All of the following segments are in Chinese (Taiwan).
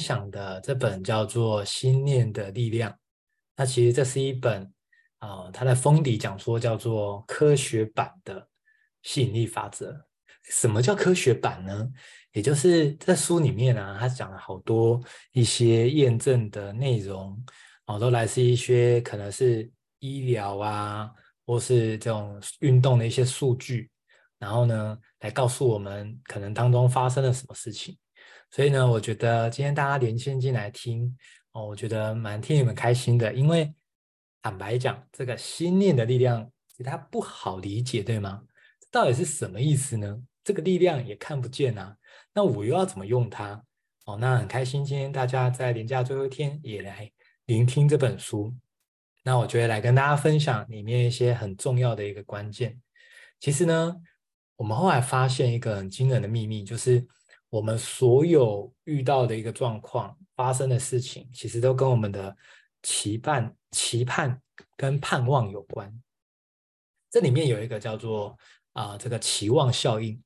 講的這本叫做《心念的力量》，那其實這是一本啊、哦，它的封底講說叫做“科學版”的吸引力法則。什麼叫科學版呢？也就是在書裡面啊，他講了好多一些驗證的內容啊、哦，都來自一些可能是醫療啊，或是這種運動的一些數據，然後呢，來告訴我們可能當中發生了什麼事情。所以呢，我覺得今天大家連線進來聽哦，我覺得蠻替你們開心的。因為坦白講，這個心念的力量其實它不好理解，對嗎？這到底是什麼意思呢？這個力量也看不見啊。那我又要怎麼用它？哦，那很開心，今天大家在連假最後一天也來聆聽這本書。那我覺得來跟大家分享裡面一些很重要的一個關鍵。其實呢，我們後來發現一個很驚人的秘密，就是。我們所有遇到的一個狀況、發生的事情，其實都跟我們的期盼、期盼跟盼望有關。這裡面有一個叫做啊、呃，這個期望效應。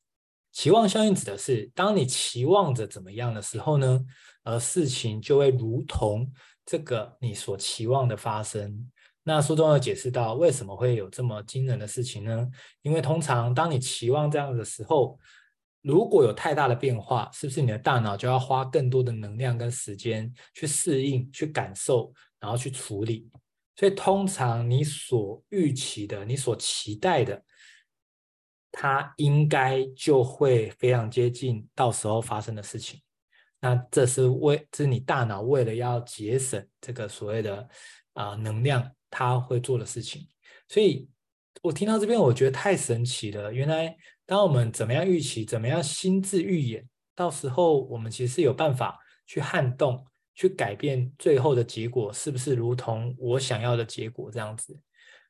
期望效應指的是，當你期望着怎麼樣的時候呢？而事情就會如同這個你所期望的發生。那書中有解釋到，為什麼會有這麼驚人的事情呢？因為通常當你期望這樣的時候，如果有太大的變化，是不是你的大腦就要花更多的能量跟時間去適應、去感受，然後去處理？所以通常你所預期的、你所期待的，它應該就會非常接近到時候發生的事情。那這是為，這是你大腦為了要節省這個所謂的啊、呃、能量，它會做的事情。所以我聽到這邊，我覺得太神奇了，原來。當我們怎麼樣預期，怎麼樣心智預演，到時候我們其實是有辦法去撼動、去改變最後的結果，是不是如同我想要的結果這樣子？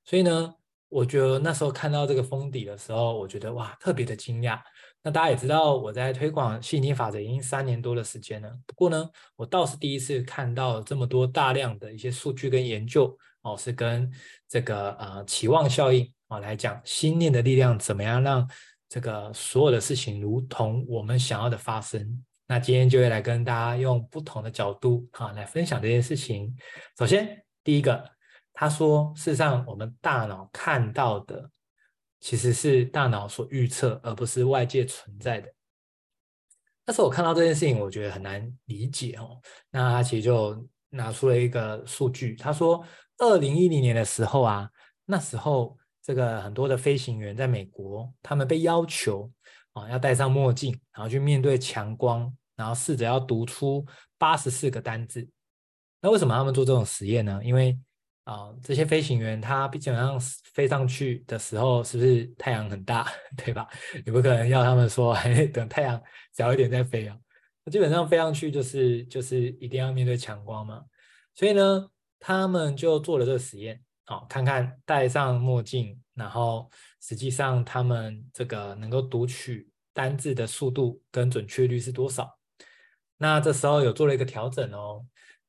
所以呢，我覺得那時候看到這個封底的時候，我覺得哇，特別的驚訝。那大家也知道，我在推廣吸引力法則已經三年多的時間了，不過呢，我倒是第一次看到這麼多大量的一些數據跟研究哦，是跟這個呃期望效應啊、哦、來講，心念的力量怎麼樣讓這個所有的事情，如同我們想要的發生。那今天就會來跟大家用不同的角度、啊，哈，來分享這件事情。首先，第一個，他說，事實上，我們大腦看到的其實是大腦所預測，而不是外界存在的。但是我看到這件事情，我覺得很難理解哦。那他其實就拿出了一個數據，他說，二零一零年的時候啊，那時候。這個很多的飛行員在美國，他們被要求啊要戴上墨鏡，然後去面對強光，然後試着要讀出八十四個單字。那為什麼他們做這種實驗呢？因為啊這些飛行員他基本上飛上去的時候，是不是太陽很大，對吧？你不可能要他們說，哎，等太陽小一點再飛啊。那基本上飛上去就是就是一定要面對強光嘛。所以呢，他們就做了這個實驗。好、哦，看看戴上墨鏡，然後實際上他們這個能夠讀取單字的速度跟準確率是多少？那這時候有做了一個調整哦，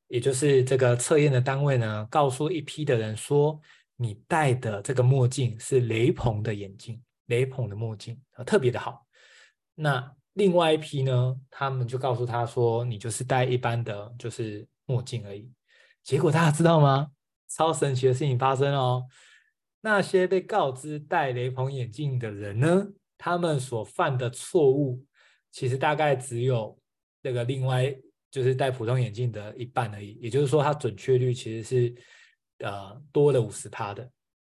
也就是這個測驗的單位呢，告訴一批的人說，你戴的這個墨鏡是雷朋的眼鏡，雷朋的墨鏡，特別的好。那另外一批呢，他們就告訴他說，你就是戴一般的就是墨鏡而已。結果大家知道嗎？超神奇的事情發生了哦！那些被告知戴雷朋眼鏡的人呢，他們所犯的錯誤其實大概只有那個另外就是戴普通眼鏡的一半而已。也就是說，它準確率其實是呃多了五十趴的。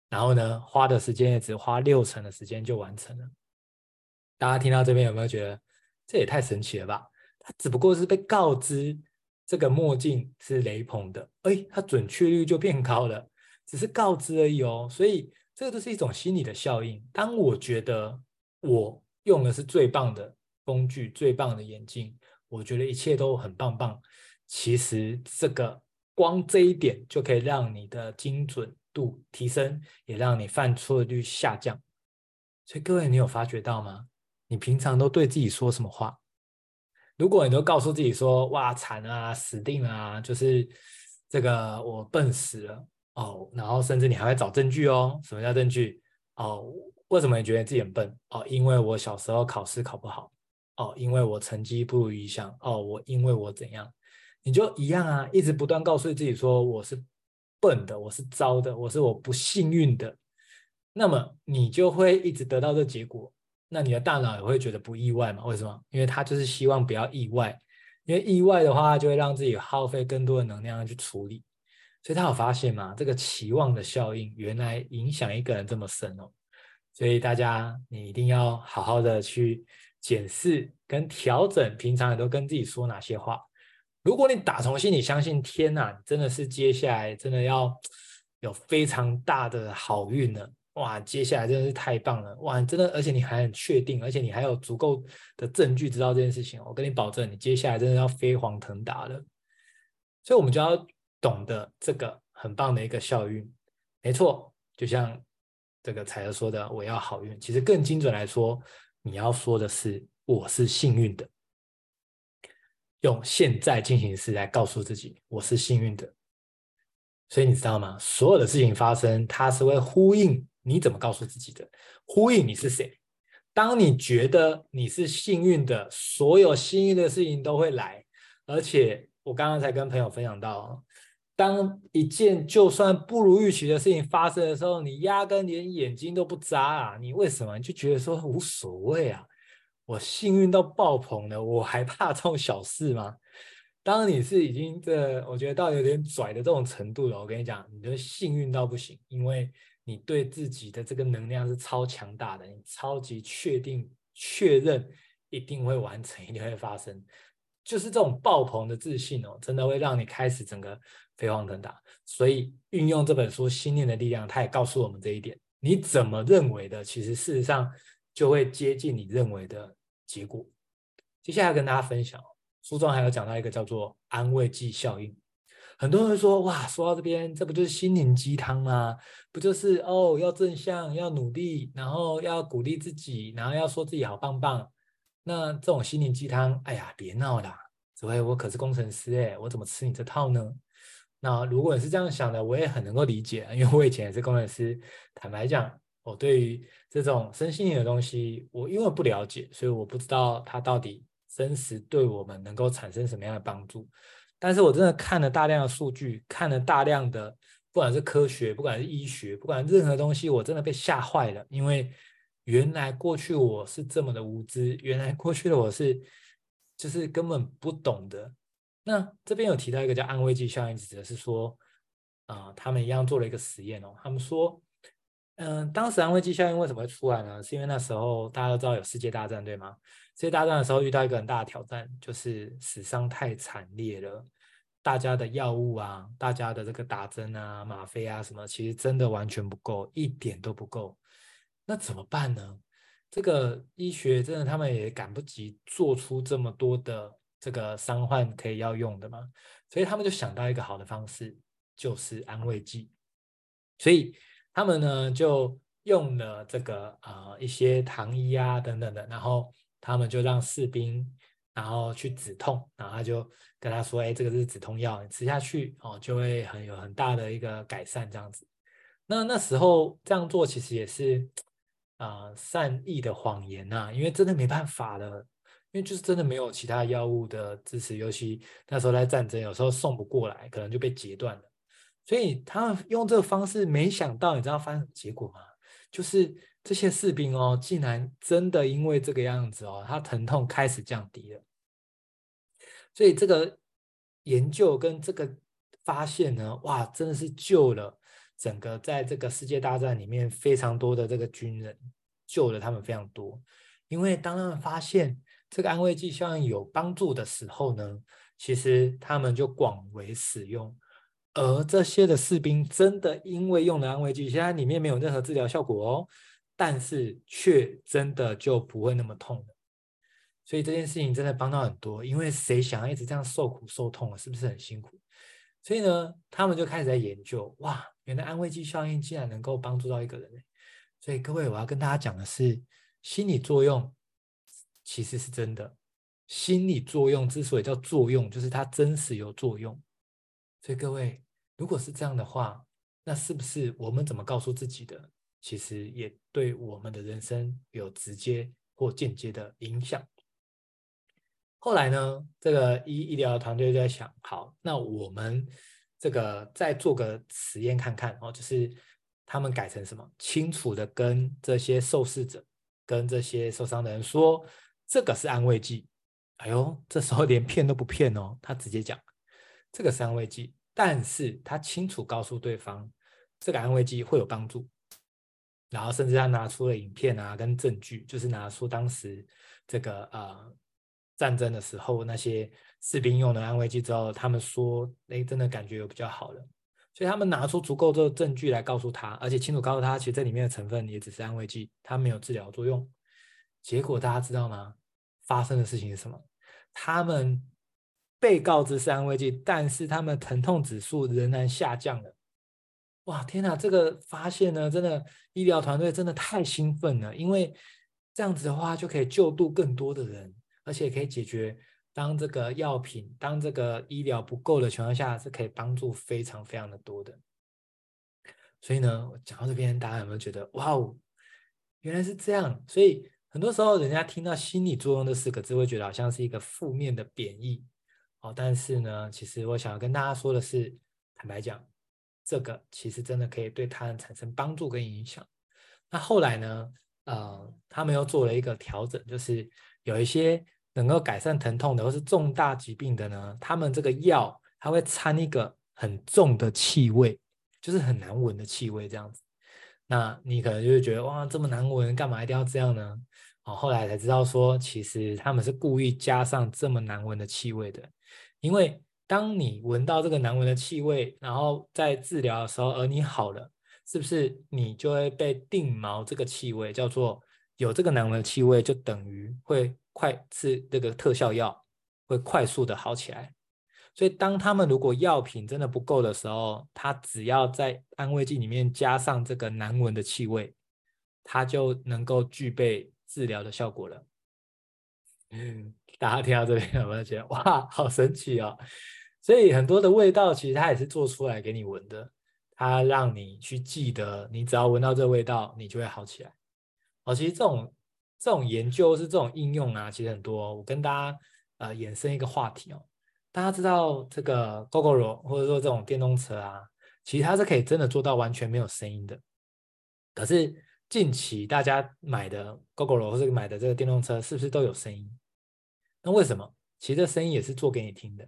然後呢，花的時間也只花六成的時間就完成了。大家聽到這邊有沒有覺得這也太神奇了吧？他只不過是被告知。這個墨鏡是雷朋的。哎、欸，它準確率就變高了，只是告知而已哦。所以這個都是一種心理的效應。當我覺得我用的是最棒的工具、最棒的眼鏡，我覺得一切都很棒棒。其實這個光這一點就可以讓你的精準度提升，也讓你犯錯率下降。所以各位，你有發覺到嗎？你平常都對自己說什麼話？如果你都告訴自己說，哇，慘啊，死定了啊，就是這個我笨死了哦，然後甚至你還會找證據哦，什麼叫證據哦？為什麼你覺得你自己很笨哦？因為我小時候考試考不好哦，因為我成績不如理想哦，我因為我怎樣？你就一樣啊，一直不斷告訴自己說，我是笨的，我是糟的，我是，我，是我不幸運的，那麼你就會一直得到這個結果。那你的大腦也會覺得不意外嘛？為什麼？因為他就是希望不要意外，因為意外的話就會讓自己耗費更多的能量去處理。所以他有發現嘛？這個期望的效應原來影響一個人這麼深哦。所以大家你一定要好好的去檢視跟調整，平常也都跟自己說哪些話。如果你打從心裡相信，天哪，你真的是接下來真的要有非常大的好運呢。哇，接下來真的是太棒了！哇，真的，而且你還很確定，而且你還有足夠的證據知道這件事情。我跟你保證，你接下來真的要飛黃騰達了。所以，我們就要懂得這個很棒的一個效應。沒錯，就像這個彩兒說的，我要好運。其實更精準來說，你要說的是，我是幸運的。用現在進行式來告訴自己，我是幸運的。所以你知道嗎？所有的事情發生，它是會呼應。你怎麼告訴自己的？呼應你是誰？當你覺得你是幸運的，所有幸運的事情都會來。而且我剛剛才跟朋友分享到，當一件就算不如預期的事情發生的時候，你壓根連眼睛都不眨啊！你為什麼你就覺得說無所謂啊？我幸運到爆棚了，我還怕這種小事嗎？當你是已經這，我覺得到有點拽的這種程度了，我跟你講，你就幸運到不行，因為。你對自己的這個能量是超強大的，你超級確定、確認一定會完成，一定會發生，就是這種爆棚的自信哦，真的會讓你開始整個飛黃騰達。所以運用這本書《心念的力量》，它也告訴我們這一點。你怎麼認為的，其實事實上就會接近你認為的結果。接下來跟大家分享，書中還有講到一個叫做安慰劑效應。很多人說哇，說到這邊，這不就是心靈雞湯嗎？不就是哦，要正向，要努力，然後要鼓勵自己，然後要說自己好棒棒。那這種心靈雞湯，哎呀，別鬧啦！哲維，我可是工程師，哎，我怎麼吃你這套呢？那如果你是這樣想的，我也很能夠理解，因為我以前也是工程師。坦白講，我對於這種身心靈的東西，我因為不了解，所以我不知道它到底真實對我們能夠產生什麼樣的幫助。但是我真的看了大量的數據，看了大量的，不管是科學，不管是醫學，不管任何東西，我真的被嚇壞了。因為原來過去我是這麼的無知，原來過去的我是就是根本不懂的。那這邊有提到一個叫安慰劑效應，指的是說，啊、呃，他們一樣做了一個實驗哦。他們說，嗯、呃，當時安慰劑效應為什麼會出來呢？是因為那時候大家都知道有世界大戰，對嗎？世界大戰的時候遇到一個很大的挑戰，就是死傷太慘烈了。大家的藥物啊，大家的這個打針啊、嗎啡啊什麼，其實真的完全不夠，一點都不夠。那怎麼辦呢？這個醫學真的他們也趕不及做出這麼多的這個傷患可以要用的嘛。所以他們就想到一個好的方式，就是安慰劑。所以他們呢就用了這個啊、呃、一些糖衣啊等等的，然後他們就讓士兵。然後去止痛，然後他就跟他說：“哎，這個是止痛藥，你吃下去哦，就會很有很大的一個改善這樣子。”那那那時候這樣做其實也是啊、呃、善意的謊言吶、啊，因為真的沒辦法了，因為就是真的沒有其他藥物的支持，尤其那時候在戰爭，有時候送不過來，可能就被截斷了。所以他用這個方式，沒想到你知道發生什麼結果嗎？就是這些士兵哦，竟然真的因為這個樣子哦，他疼痛開始降低了。所以這個研究跟這個發現呢，哇，真的是救了整個在這個世界大戰裡面非常多的這個軍人，救了他們非常多。因為當他們發現這個安慰劑效應有幫助的時候呢，其實他們就廣為使用。而這些的士兵真的因為用了安慰劑，雖然裡面沒有任何治療效果哦，但是却真的就不會那麼痛所以這件事情真的幫到很多，因為誰想要一直這樣受苦受痛啊？是不是很辛苦？所以呢，他們就開始在研究，哇，原來安慰劑效應竟然能夠幫助到一個人欸。所以各位，我要跟大家講的是，心理作用其實是真的。心理作用之所以叫作用，就是它真實有作用。所以各位，如果是這樣的話，那是不是我們怎麼告訴自己的，其實也對我們的人生有直接或間接的影響？後來呢，這個醫醫療團隊就在想：好，那我們這個再做個實驗看看哦，就是他們改成什麼清楚地跟這些受試者、跟這些受傷的人說，這個是安慰劑。哎喲這時候連騙都不騙哦，他直接講這個是安慰劑，但是他清楚告訴對方這個安慰劑會有幫助，然後甚至他拿出了影片啊，跟證據，就是拿出當時這個呃。戰爭的時候，那些士兵用了安慰劑之後，他們說：“哎、欸，真的感覺有比較好了。”所以他們拿出足夠多的證據來告訴他，而且清楚告訴他，其實這裡面的成分也只是安慰劑，它沒有治療作用。結果大家知道嗎？發生的事情是什麼？他們被告知是安慰劑，但是他們疼痛指數仍然下降了。哇，天哪、啊！這個發現呢，真的醫療團隊真的太興奮了，因為這樣子的話就可以救助更多的人。而且可以解決當這個藥品、當這個醫療不夠的情況下，是可以幫助非常非常的多的。所以呢，我講到這邊，大家有沒有覺得哇哦，原來是這樣？所以很多時候，人家聽到心理作用這四個字，會覺得好像是一個負面的貶義。哦，但是呢，其實我想要跟大家說的是，坦白講，這個其實真的可以對他人產生幫助跟影響。那後來呢，呃，他們又做了一個調整，就是有一些。能夠改善疼痛的，或是重大疾病的呢？他們這個藥它會摻一個很重的氣味，就是很難聞的氣味這樣子。那你可能就會覺得哇，這麼難聞，幹嘛一定要這樣呢？哦，後來才知道說，其實他們是故意加上這麼難聞的氣味的，因為當你聞到這個難聞的氣味，然後在治療的時候，而你好了，是不是你就會被定錨這個氣味？叫做有這個難聞的氣味，就等於會。快吃那個特效藥，會快速的好起來。所以，當他們如果藥品真的不夠的時候，他只要在安慰劑裡面加上這個難聞的氣味，他就能夠具備治療的效果了。嗯，大家聽到這邊有沒有覺得哇，好神奇哦？所以，很多的味道其實它也是做出來給你聞的，它讓你去記得，你只要聞到這味道，你就會好起來。好、哦，其實這種。這種研究是這種應用啊，其實很多哦。我跟大家呃延伸一個話題哦，大家知道這個 Gogoro 或者說這種電動車啊，其實它是可以真的做到完全沒有聲音的。可是近期大家買的 Gogoro 或者買的這個電動車是不是都有聲音？那為什麼？其實這聲音也是做給你聽的。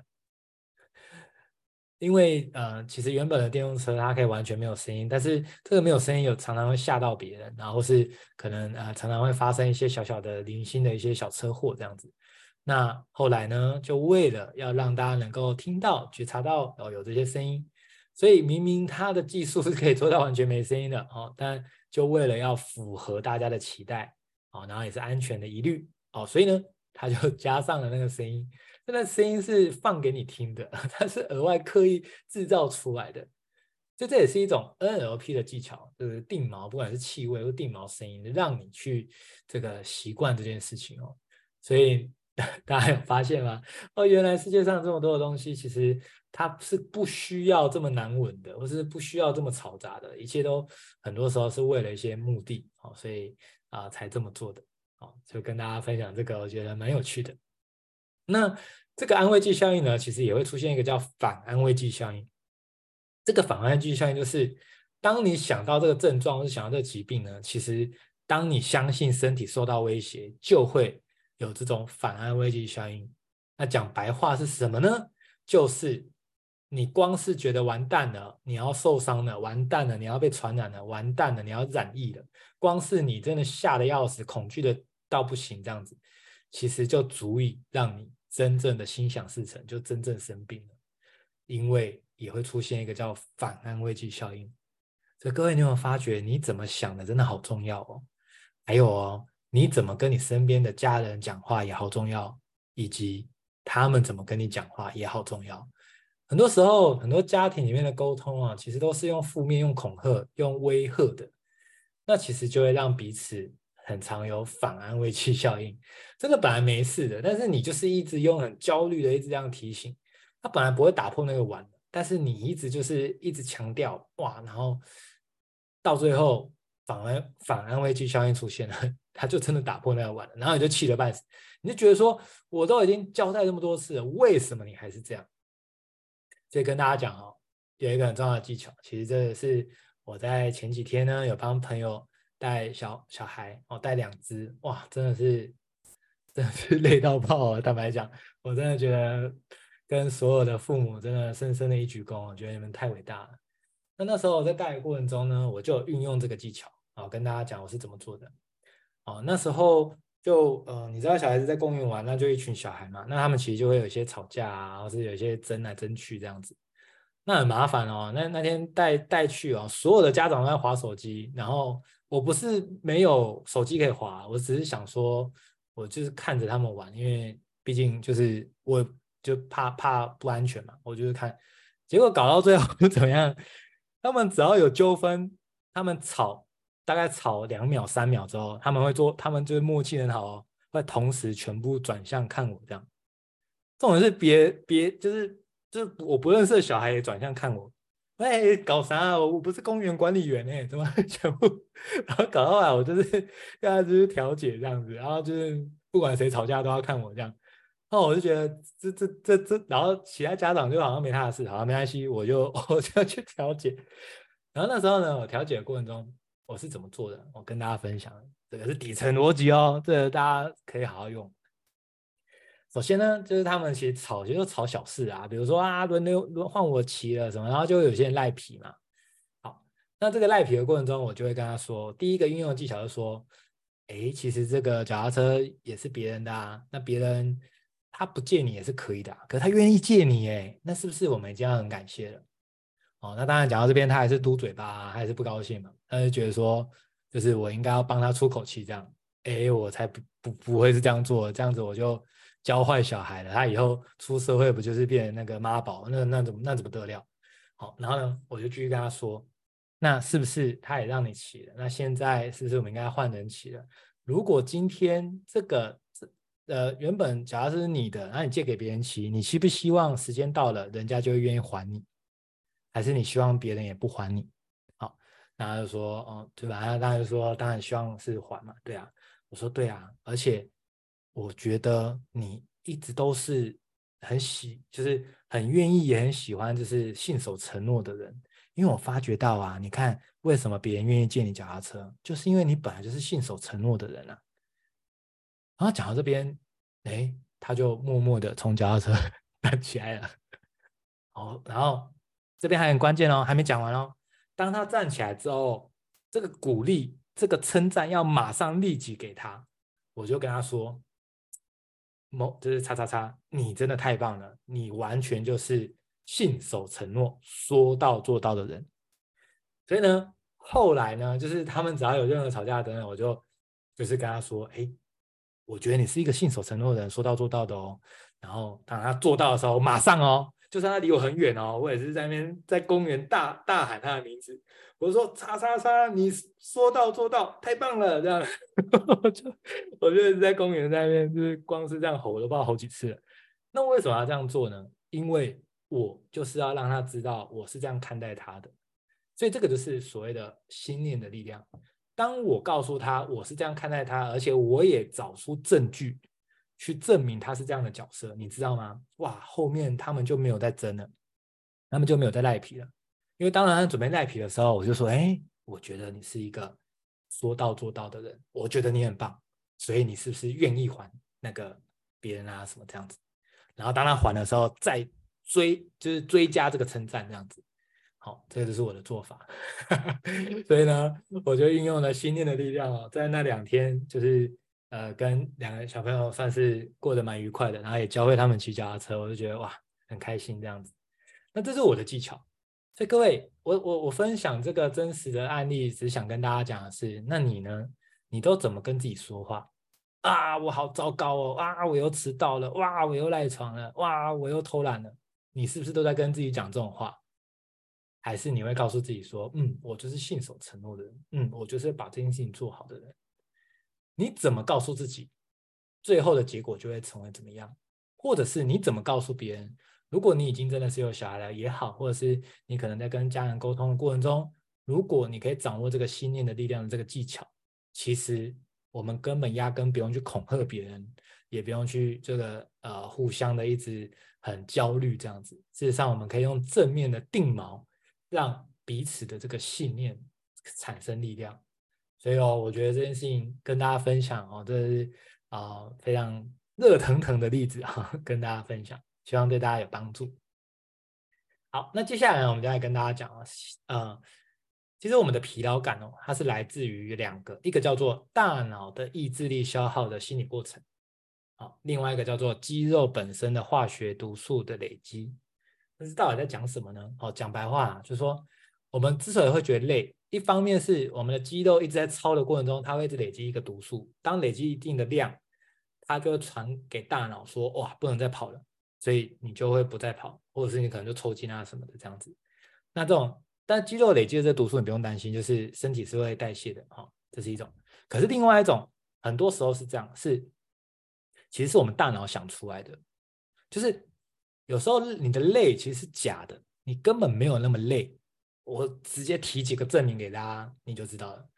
因為呃，其實原本的電動車它可以完全沒有聲音，但是這個沒有聲音有常常會嚇到別人，然後是可能呃常常會發生一些小小的零星的一些小車禍這樣子。那後來呢，就為了要讓大家能夠聽到、覺察到哦有這些聲音，所以明明它的技術是可以做到完全沒聲音的哦，但就為了要符合大家的期待哦，然後也是安全的疑慮哦，所以呢，它就加上了那個聲音。現在聲音是放給你聽的，它是額外刻意製造出來的，就這也是一種 NLP 的技巧，就是定錨，不管是氣味或定錨聲音，讓你去這個習慣這件事情哦。所以大家有發現嗎？哦，原來世界上這麼多的東西，其實它是不需要這麼難聞的，或是不需要這麼嘈雜的，一切都很多時候是為了一些目的哦，所以啊、呃、才這麼做的。就跟大家分享這個，我覺得蠻有趣的。那這個安慰劑效應呢，其實也會出現一個叫反安慰劑效應。這個反安慰劑效應就是，當你想到這個症狀，或者想到這個疾病呢，其實當你相信身體受到威脅，就會有這種反安慰劑效應。那講白話是什麼呢？就是你光是覺得完蛋了，你要受傷了，完蛋了，你要被傳染了，完蛋了，你要染疫了，光是你真的嚇得要死，恐懼的到不行，這樣子，其實就足以讓你。真正的心想事成，就真正生病了，因為也會出現一個叫反安慰劑效應。所以各位，你有沒有發覺，你怎麼想的真的好重要哦。還有哦，你怎麼跟你身邊的家人講話也好重要，以及他們怎麼跟你講話也好重要。很多時候，很多家庭裡面的溝通啊，其實都是用負面、用恐嚇、用威嚇的，那其實就會讓彼此。很常有反安慰劑效應，這個本來沒事的，但是你就是一直用很焦慮的，一直這樣提醒，他本來不會打破那個碗，但是你一直就是一直強調哇，然後到最後反而反安慰劑效應出現了，他就真的打破那個碗，然後你就氣得半死，你就覺得說，我都已經交代這麼多次了，為什麼你還是這樣？所以跟大家講哦，有一個很重要的技巧，其實這也是我在前幾天呢有幫朋友。帶小小孩，哦，帶兩隻，哇，真的是，真的是累到爆啊！坦白講，我真的覺得跟所有的父母真的深深的一鞠躬，我覺得你們太偉大了。那那時候我在帶的過程中呢，我就運用這個技巧啊，跟大家講我是怎麼做的。哦，那時候就呃，你知道小孩子在公園玩，那就一群小孩嘛，那他們其實就會有一些吵架啊，或者是有一些爭來爭去這樣子，那很麻煩哦。那那天帶帶去哦、啊，所有的家長都在滑手機，然後。我不是沒有手機可以滑，我只是想說，我就是看着他們玩，因為畢竟就是我就怕怕不安全嘛，我就是看。結果搞到最後呵呵怎麼樣？他們只要有糾紛，他們吵大概吵兩秒三秒之後，他們會做，他們就是默契很好、哦，會同時全部轉向看我這樣。這種是別別就是就是我不認識的小孩也轉向看我。哎、欸，搞啥？我不是公園管理員哎、欸，怎麼全部 然後搞到我，我就是要就是調解這樣子，然後就是不管誰吵架都要看我這樣，然後我就覺得這這這這，然後其他家長就好像沒他的事，好像沒關係，我就我就去調解。然後那時候呢，我調解的過程中我是怎麼做的，我跟大家分享，這個是底層邏輯哦，這個大家可以好好用。首先呢，就是他們其實吵，就是吵小事啊，比如說啊，輪流輪換我騎了什麼，然後就有些人賴皮嘛。好，那這個賴皮的過程中，我就會跟他說，第一個運用的技巧就是說，哎、欸，其實這個腳踏車也是別人的啊，那別人他不借你也是可以的、啊，可是他願意借你，哎，那是不是我們這樣很感謝了？哦，那當然講到這邊，他還是嘟嘴巴、啊，他還是不高興嘛，他就覺得說，就是我應該要幫他出口氣，這樣，哎、欸，我才不不不會是這樣做，這樣子我就。教壞小孩了，他以後出社會不就是變成那個媽寶？那那怎麼那怎麼得了？好，然後呢，我就繼續跟他說，那是不是他也讓你騎了？那現在是不是我們應該換人騎了？如果今天這個呃原本假如是你的，那你借給別人騎，你希不希望時間到了人家就會願意還你？還是你希望別人也不還你？好，然後就說，哦、嗯，對吧？他當然說，當然希望是還嘛，對啊。我說對啊，而且。我覺得你一直都是很喜，就是很願意也很喜歡，就是信守承諾的人。因為我發覺到啊，你看為什麼別人願意借你腳踏車，就是因為你本來就是信守承諾的人啊。然後講到這邊，哎，他就默默的從腳踏車站起來了。哦，然後這邊還很關鍵哦，還沒講完哦。當他站起來之後，這個鼓勵、這個稱讚要馬上立即給他。我就跟他說。某就是叉叉叉，你真的太棒了，你完全就是信守承諾、說到做到的人。所以呢，後來呢，就是他們只要有任何吵架的，我就就是跟他說，哎，我覺得你是一個信守承諾的人，說到做到的哦。然後當他做到的時候，我馬上哦，就算他離我很遠哦，我也是在那邊在公園大大喊他的名字。我說，叉叉叉，你說到做到，太棒了！這樣，我就我就在公園那邊，就是光是這樣吼，我都不知道吼好幾次了。那我為什麼要這樣做呢？因為我就是要讓他知道我是這樣看待他的，所以這個就是所謂的心念的力量。當我告訴他我是這樣看待他，而且我也找出證據去證明他是這樣的角色，你知道嗎？哇，後面他們就沒有再爭了，他們就沒有再賴皮了。因為當然他準備賴皮的時候，我就說：“哎，我覺得你是一個說到做到的人，我覺得你很棒，所以你是不是願意還那個別人啊什麼這樣子？”然後當他還的時候，再追就是追加這個稱讚這樣子。好、哦，這個就是我的做法。 所以呢，我就運用了心念的力量、哦，在那兩天就是呃，跟兩個小朋友算是過得蠻愉快的，然後也教會他們騎腳踏車，我就覺得哇，很開心這樣子。那這是我的技巧。所以各位，我我我分享這個真實的案例，只想跟大家講的是，那你呢？你都怎麼跟自己說話啊？我好糟糕哦！啊，我又遲到了！哇，我又賴床了！哇，我又偷懶了！你是不是都在跟自己講這種話？還是你會告訴自己說，嗯，我就是信守承諾的人，嗯，我就是把這件事情做好的人？你怎麼告訴自己，最後的結果就會成為怎麼樣？或者是你怎麼告訴別人？如果你已經真的是有小孩了也好，或者是你可能在跟家人溝通的過程中，如果你可以掌握這個信念的力量的這個技巧，其實我們根本壓根不用去恐嚇別人，也不用去這個呃互相的一直很焦慮這樣子。事實上，我們可以用正面的定錨，讓彼此的這個信念產生力量。所以哦，我覺得這件事情跟大家分享哦，這是啊、呃、非常熱騰騰的例子哈、哦，跟大家分享。希望對大家有幫助。好，那接下來呢，我們就來跟大家講啊，呃，其實我們的疲勞感哦，它是來自於兩個，一個叫做大腦的意志力消耗的心理過程，好、哦，另外一個叫做肌肉本身的化學毒素的累積。但是到底在講什麼呢？哦，講白話、啊、就是說，我們之所以會覺得累，一方面是我們的肌肉一直在操的過程中，它會一直累積一個毒素，當累積一定的量，它就會傳給大腦說，哇，不能再跑了。所以你就會不再跑，或者是你可能就抽筋啊什麼的這樣子。那這種，但肌肉累積的這毒素你不用擔心，就是身體是會代謝的哈、哦，這是一種。可是另外一種，很多時候是這樣，是其實是我們大腦想出來的，就是有時候你的累其實是假的，你根本沒有那麼累。我直接提幾個證明給大家，你就知道了。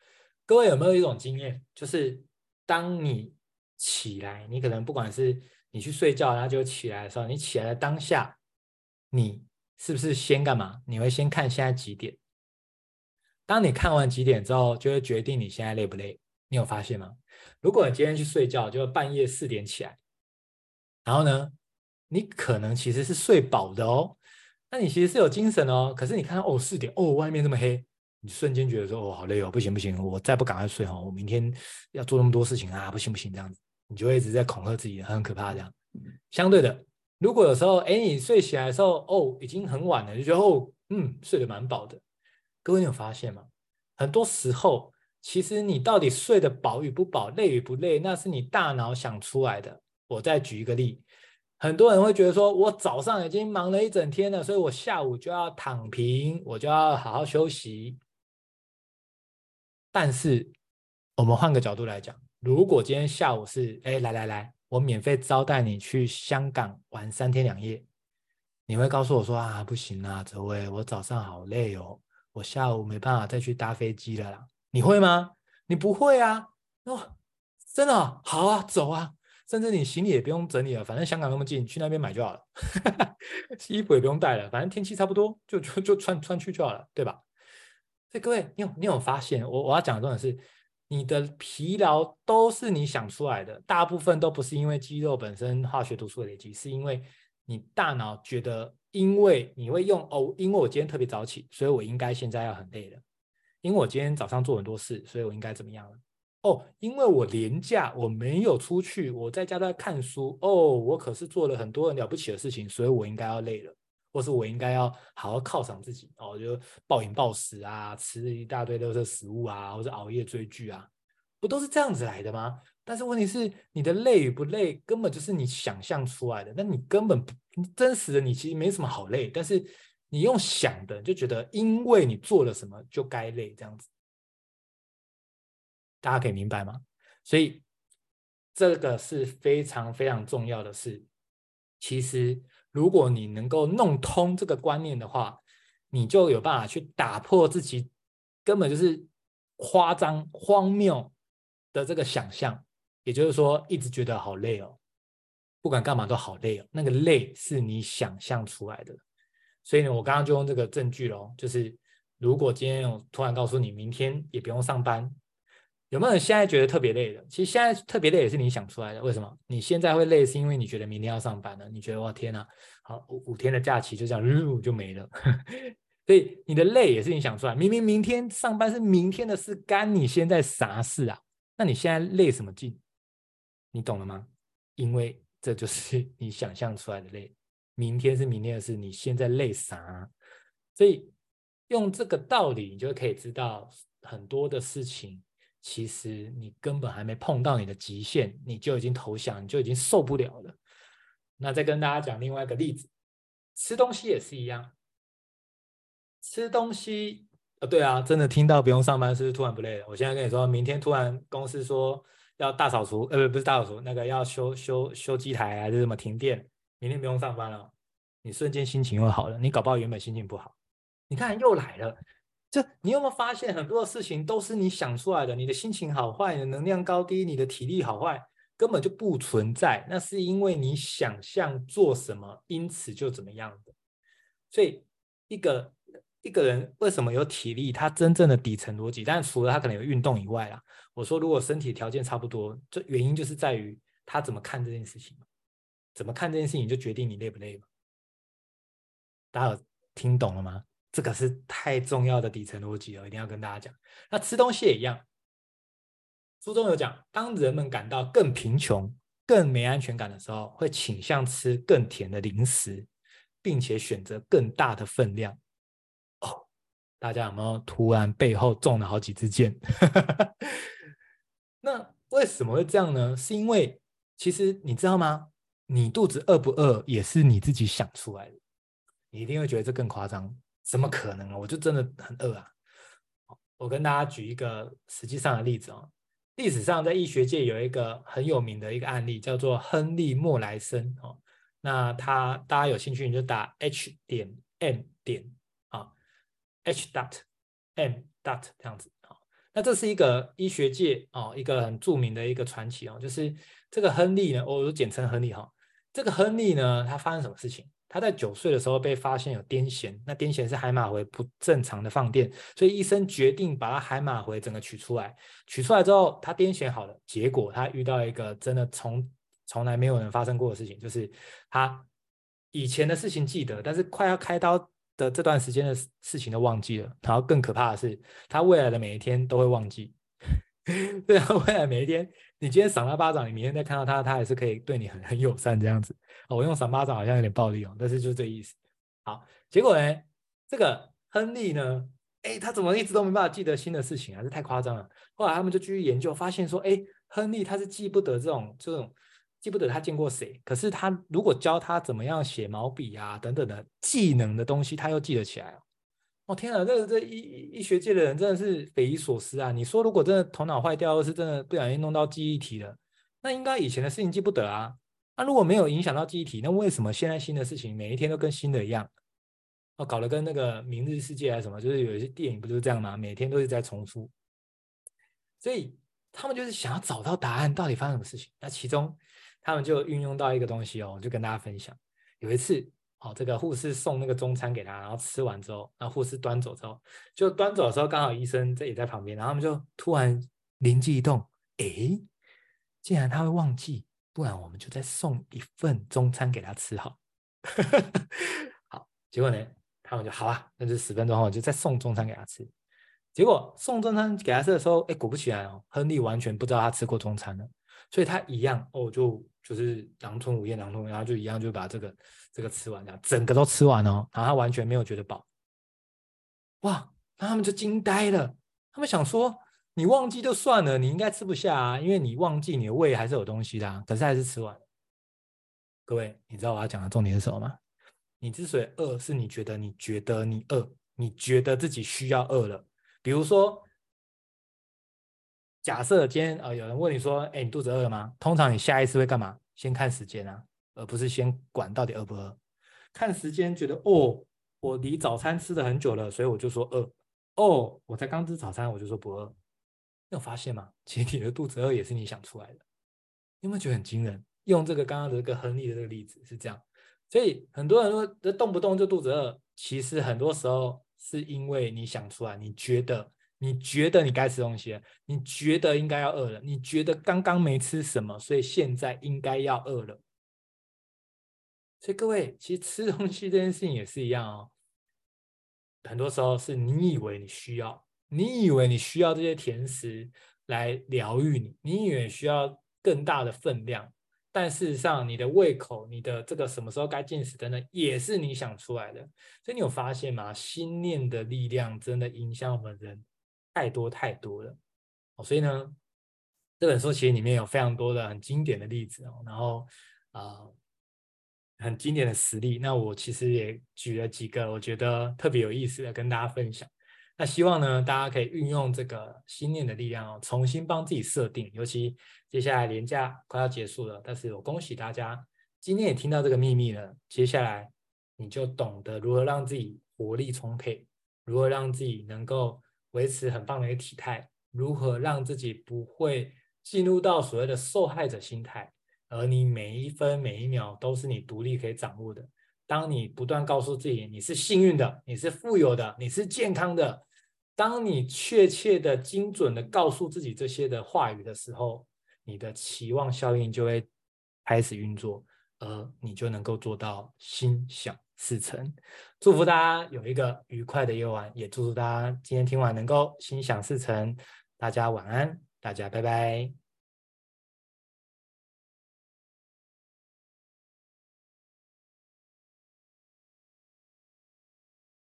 各位有沒有一種經驗，就是當你起來，你可能不管是你去睡覺，然後就起來的時候，你起來的當下，你是不是先幹嘛？你會先看現在幾點？當你看完幾點之後，就會決定你現在累不累。你有發現嗎？如果你今天去睡覺，就半夜四點起來，然後呢，你可能其實是睡飽的哦，那你其實是有精神哦。可是你看到哦四點哦，外面這麼黑，你瞬間覺得說哦好累哦，不行不行，我再不趕快睡哈，我明天要做那麼多事情啊，不行不行這樣子。你就會一直在恐嚇自己，很可怕這樣。相對的，如果有時候，哎、欸，你睡起來的時候，哦，已經很晚了，就覺得，哦，嗯，睡得蠻飽的。各位，你有發現嗎？很多時候，其實你到底睡得飽與不飽，累與不累，那是你大腦想出來的。我再舉一個例，很多人會覺得說，我早上已經忙了一整天了，所以我下午就要躺平，我就要好好休息。但是，我們換個角度來講，如果今天下午是哎，來來來，我免費招待你去香港玩三天兩夜，你會告訴我說啊，不行啦，啊，哲維，我早上好累哦，我下午沒辦法再去搭飛機了啦。你會嗎？你不會啊。哦，真的，哦，好啊，走啊，甚至你行李也不用整理了，反正香港那麼近，你去那邊買就好了。衣 服也不用帶了，反正天氣差不多，就就就穿穿去就好了，對吧？所以各位，你有你有發現我我要講的重點是，你的疲勞都是你想出來的，大部分都不是因為肌肉本身化學毒素的累積，是因為你大腦覺得，因為你會用哦，因為我今天特別早起，所以我應該現在要很累了，因為我今天早上做很多事，所以我應該怎麼樣了？哦，因為我連假，我沒有出去，我在家在看書，哦，我可是做了很多了不起的事情，所以我應該要累了。或是我應該要好好犒賞自己哦，就是暴飲暴食啊，吃一大堆垃圾食物啊，或者熬夜追劇啊，不都是這樣子來的嗎？但是問題是，你的累與不累根本就是你想象出來的，那你根本不真實的，你其實沒什麼好累，但是你用想的就覺得因為你做了什麼就該累這樣子，大家可以明白嗎？所以這個是非常非常重要的事，其實。如果你能夠弄通這個觀念的話，你就有辦法去打破自己根本就是誇張荒謬的這個想象。也就是說，一直覺得好累哦，不管幹嘛都好累哦，那個累是你想象出來的。所以呢，我剛剛就用這個證據嘍，就是如果今天我突然告訴你，明天也不用上班。有沒有人現在覺得特別累的？其實現在特別累也是你想出來的。為什麼你現在會累？是因為你覺得明天要上班了，你覺得哇天吶、啊，好五五天的假期就這樣嚕、呃呃、就沒了。 所以你的累也是你想出來。明，明明明天上班是明天的事，干你現在啥事啊？那你現在累什麼勁？你懂了嗎？因為這就是你想象出來的累。明天是明天的事，你現在累啥？所以用這個道理，你就可以知道很多的事情。其實你根本還沒碰到你的極限，你就已經投降，你就已經受不了了。那再跟大家講另外一個例子，吃東西也是一樣。吃東西，呃、哦，對啊，真的聽到不用上班是不是突然不累了？我現在跟你說明天突然公司說要大掃除，呃，不，不是大掃除，那個要修修修機台還是什麼停電，明天不用上班了，你瞬間心情又好了。你搞不好原本心情不好，你看又來了。就你有沒有發現，很多事情都是你想出來的。你的心情好壞，你的能量高低，你的體力好壞，根本就不存在。那是因為你想象做什麼，因此就怎麼樣的。所以，一個一個人為什麼有體力，他真正的底層邏輯，但是除了他可能有運動以外啦，我說如果身體條件差不多，這原因就是在於他怎麼看這件事情，怎麼看這件事情你就決定你累不累嘛。大家有聽懂了嗎？這個是太重要的底層邏輯了，一定要跟大家講。那吃東西也一樣，書中有講，當人們感到更貧窮、更沒安全感的時候，會傾向吃更甜的零食，並且選擇更大的分量。哦，大家有沒有突然背後中了好幾支箭？ 那為什麼會這樣呢？是因為其實你知道嗎？你肚子餓不餓也是你自己想出來的，你一定會覺得這更誇張。怎麼可能啊！我就真的很餓啊！我跟大家舉一個實際上的例子哦。歷史上在醫學界有一個很有名的一個案例，叫做亨利莫萊森哦。那他大家有興趣，你就打 H 點 M 點啊，H dot M dot 這樣子哦。那這是一個醫學界哦，一個很著名的一個傳奇哦，就是這個亨利呢，我簡稱亨利哈哦。這個亨利呢，他發生什麼事情？他在九歲的時候被發現有癲癇，那癲癇是海馬回不正常的放電，所以醫生決定把他海馬回整個取出來。取出來之後，他癲癇好了。結果他遇到一個真的從從來沒有人發生過的事情，就是他以前的事情記得，但是快要開刀的這段時間的事情都忘記了。然後更可怕的是，他未來的每一天都會忘記。對啊，未來每一天。你今天賞他巴掌，你明天再看到他，他還是可以對你很很友善這樣子。哦，我用賞巴掌好像有點暴力哦，但是就是這意思。好，結果呢，這個亨利呢，哎，欸，他怎麼一直都沒辦法記得新的事情啊？這太誇張了。後來他們就繼續研究，發現說，哎，欸，亨利他是記不得這種這種，記不得他見過誰，可是他如果教他怎麼樣寫毛筆啊等等的技能的東西，他又記得起來，哦。哦，天啊，這個這醫醫學界的人真的是匪夷所思啊！你說如果真的頭腦壞掉，是真的不小心弄到記憶體了，那應該以前的事情記不得啊。那、啊、如果沒有影響到記憶體，那為什麼現在新的事情每一天都跟新的一樣？哦，搞得跟那個明日世界還是什麼，就是有一些電影不就是這樣嗎？每天都是在重複。所以他們就是想要找到答案，到底發生什麼事情？那其中他們就運用到一個東西哦，就跟大家分享。有一次。哦，這個護士送那個中餐給他，然後吃完之後，然後護士端走之後，就端走的時候剛好醫生這也在旁邊，然後他們就突然靈機一動，哎，既然他會忘記，不然我們就再送一份中餐給他吃，好， 好，結果呢，他們就好啊，那就十分鐘後就再送中餐給他吃，結果送中餐給他吃的時候，哎，果不其然哦，亨利完全不知道他吃過中餐了。所以他一樣哦，就就是狼吞虎咽，狼吞，然後就一樣就把這個這個吃完了，了整個都吃完哦，然後他完全沒有覺得飽，哇！那他們就驚呆了，他們想說你忘記就算了，你應該吃不下啊，因為你忘記你的胃還是有東西的啊，可是還是吃完了。各位，你知道我要講的重點是什麼嗎？你之所以餓，是你覺得你覺得你餓，你覺得自己需要餓了，比如說。假設今天有人問你說，哎、欸，你肚子餓了嗎？通常你下意識會幹嘛？先看時間啊，而不是先管到底餓不餓。看時間覺得，哦，我離早餐吃的很久了，所以我就說餓。哦，我才剛吃早餐，我就說不餓。你有發現嗎？其實你的肚子餓也是你想出來的。有沒有覺得很驚人？用這個剛剛的這個亨利的這個例子是這樣。所以很多人說，這動不動就肚子餓，其實很多時候是因為你想出來，你覺得。你覺得你該吃東西了，你覺得應該要餓了，你覺得剛剛沒吃什麼，所以現在應該要餓了。所以各位，其實吃東西這件事情也是一樣哦。很多時候是你以為你需要，你以為你需要這些甜食來療癒你，你以為你需要更大的分量，但事實上，你的胃口、你的這個什麼時候該進食等等，也是你想出來的。所以你有發現嗎？心念的力量真的影響我們人。太多太多了。哦，所以呢，這本書其實裡面有非常多的很經典的例子哦，然後啊、呃，很經典的實例。那我其實也舉了幾個我覺得特別有意思的跟大家分享。那希望呢，大家可以運用這個心念的力量哦，重新幫自己設定。尤其接下來年假快要結束了，但是我恭喜大家，今天也聽到這個秘密了。接下來你就懂得如何讓自己活力充沛，如何讓自己能夠，維持很棒的一個體態，如何讓自己不會進入到所謂的受害者心態，而你每一分每一秒都是你獨立可以掌握的。當你不斷告訴自己你是幸運的，你是富有的，你是健康的，當你確切的、精準的告訴自己這些的話語的時候，你的期望效應就會開始運作，而你就能夠做到心想事成，祝福大家有一個愉快的夜晚，也祝福大家今天聽完能夠心想事成。大家晚安，大家拜拜。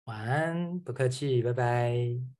晚安，不客氣，拜拜。